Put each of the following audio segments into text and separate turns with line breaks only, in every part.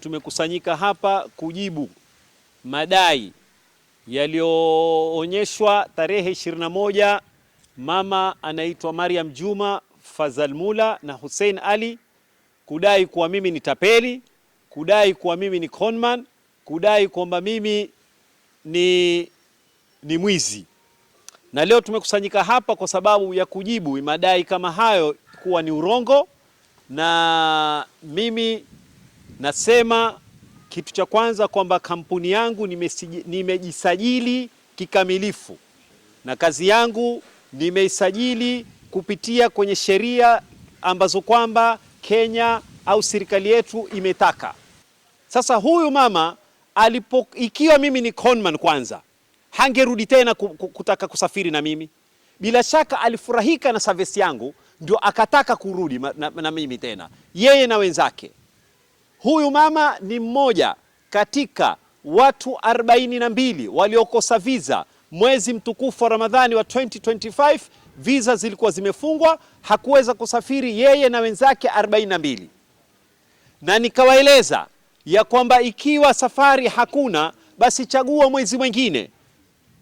Tumekusanyika hapa kujibu madai yaliyoonyeshwa tarehe 21, mama anaitwa Mariam Juma Fazal Mula na Hussein Ali, kudai kuwa mimi ni tapeli, kudai kuwa mimi ni conman, kudai kwamba mimi ni, ni mwizi. Na leo tumekusanyika hapa kwa sababu ya kujibu madai kama hayo kuwa ni urongo na mimi Nasema kitu cha kwanza kwamba kampuni yangu nimejisajili kikamilifu na kazi yangu nimeisajili kupitia kwenye sheria ambazo kwamba Kenya au serikali yetu imetaka. Sasa huyu mama alipo, ikiwa mimi ni conman kwanza, hangerudi tena kutaka kusafiri na mimi. Bila shaka alifurahika na service yangu, ndio akataka kurudi na, na, na mimi tena, yeye na wenzake. Huyu mama ni mmoja katika watu arobaini na mbili waliokosa visa mwezi mtukufu wa Ramadhani wa 2025. Visa zilikuwa zimefungwa, hakuweza kusafiri yeye na wenzake arobaini na mbili, na nikawaeleza ya kwamba ikiwa safari hakuna basi chagua mwezi mwingine.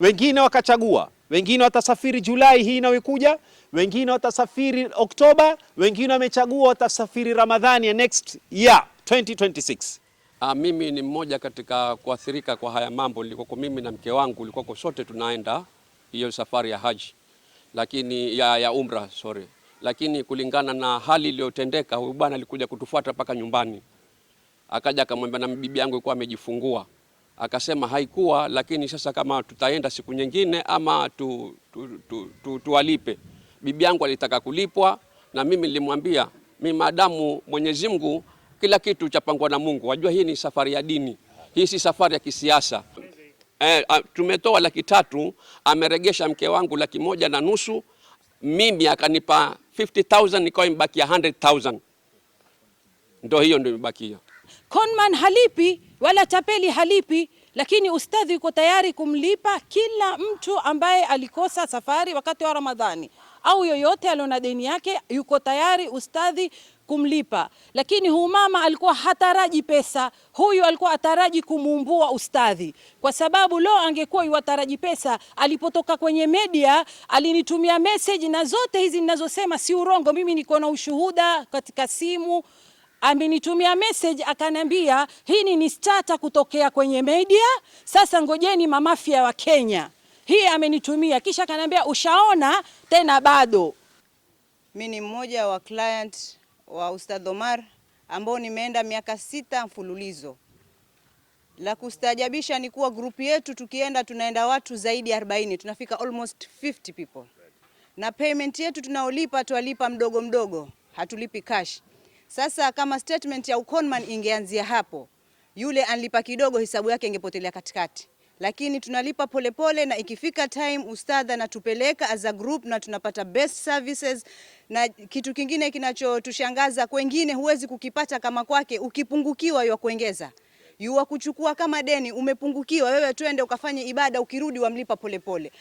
Wengine wakachagua, wengine watasafiri Julai hii inayokuja, wengine watasafiri Oktoba, wengine wamechagua watasafiri Ramadhani ya next year. 2026. Uh, ah, mimi ni mmoja katika kuathirika kwa haya mambo, nilikuwa mimi na mke wangu nilikuwa sote tunaenda hiyo safari ya haji lakini ya, ya umra sorry, lakini kulingana na hali iliyotendeka, huyu bwana alikuja kutufuata mpaka nyumbani, akaja akamwambia, na bibi yangu ilikuwa amejifungua, akasema haikuwa, lakini sasa kama tutaenda siku nyingine ama tu, tu, tu, tu, tu, tuwalipe. Bibi yangu alitaka kulipwa, na mimi nilimwambia mi maadamu Mwenyezi Mungu kila kitu chapangwa na Mungu. Wajua hii ni safari ya dini, hii si safari ya kisiasa. Eh, tumetoa laki tatu, ameregesha mke wangu laki moja na nusu, mimi akanipa 50000 nikawa imebakia 100000. Ndo hiyo ndio imebakia.
Conman halipi wala tapeli halipi, lakini ustadhi uko tayari kumlipa kila mtu ambaye alikosa safari wakati wa Ramadhani au yoyote aliona deni yake yuko tayari ustadhi kumlipa, lakini huyu mama alikuwa hataraji pesa. Huyu alikuwa ataraji kumuumbua ustadhi, kwa sababu lo, angekuwa yuwataraji pesa. Alipotoka kwenye media alinitumia message, na zote hizi ninazosema si urongo, mimi niko na ushuhuda katika simu amenitumia message akanambia, hii ni starter kutokea kwenye media. Sasa ngojeni mamafia wa Kenya hii amenitumia, kisha kaniambia ushaona tena bado.
Mi ni mmoja wa client wa Ustadh Omar ambao nimeenda miaka sita mfululizo. La kustajabisha ni kuwa grupu yetu tukienda, tunaenda watu zaidi ya 40, tunafika almost 50 people, na payment yetu tunaolipa twalipa mdogo mdogo, hatulipi cash. Sasa kama statement ya Ukonman ingeanzia hapo, yule anlipa kidogo, hisabu yake ingepotelea katikati lakini tunalipa polepole pole, na ikifika time ustadha anatupeleka as a group na tunapata best services. Na kitu kingine kinachotushangaza kwengine huwezi kukipata kama kwake, ukipungukiwa ya kuongeza yuwa kuchukua kama deni, umepungukiwa wewe, twende ukafanye ibada, ukirudi wamlipa polepole.